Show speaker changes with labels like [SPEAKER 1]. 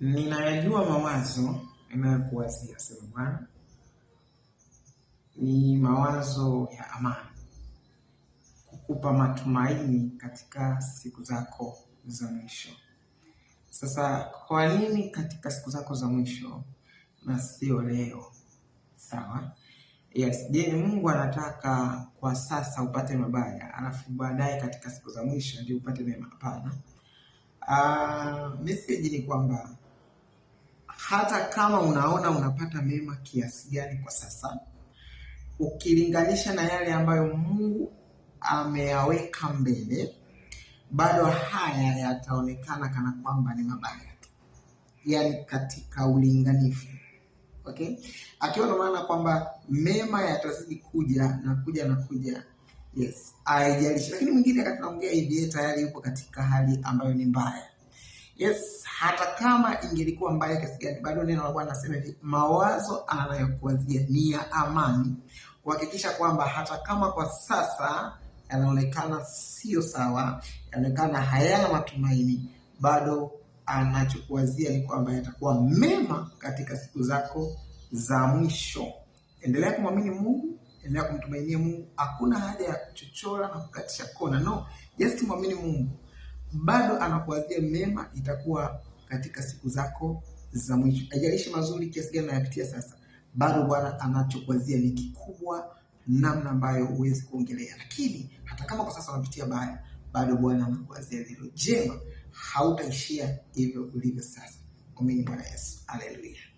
[SPEAKER 1] Ninayajua mawazo ninayokuwazia, sema Bwana, ni mawazo ya amani, kukupa matumaini katika siku zako za mwisho. Sasa kwa nini katika siku zako za mwisho na sio leo? Sawa, yes. Je, Mungu anataka kwa sasa upate mabaya alafu baadaye katika siku za mwisho ndio upate mema? Hapana. Ah, Meseji ni kwamba hata kama unaona unapata mema kiasi gani kwa sasa, ukilinganisha na yale ambayo Mungu ameyaweka mbele, bado haya yataonekana kana kwamba ni mabaya tu, yani katika ulinganifu okay? Akiwa na maana kwamba mema yatazidi kuja na kuja na kuja, yes, haijalishi. Lakini mwingine akati naongea hivi, tayari yupo katika hali ambayo ni mbaya Yes, hata kama ingelikuwa mbaya kiasi gani, bado neno la Bwana nasema hivi, mawazo anayokuwazia ni ya amani, kuhakikisha kwamba hata kama kwa sasa yanaonekana sio sawa, yanaonekana hayana matumaini, bado anachokuwazia ni kwamba yatakuwa mema katika siku zako za mwisho. Endelea kumwamini Mungu, endelea kumtumainia Mungu. Hakuna haja ya kuchochora na kukatisha kona, no, just mwamini Mungu bado anakuazia mema, itakuwa katika siku zako za mwisho. Haijalishi mazuri kiasi gani unayapitia sasa, bado Bwana anachokuazia ni kikubwa namna ambayo huwezi kuongelea. Lakini hata kama kwa sasa unapitia baya, bado Bwana anakuazia lilo jema, hautaishia hivyo ulivyo sasa. Amini Bwana Yesu, haleluya.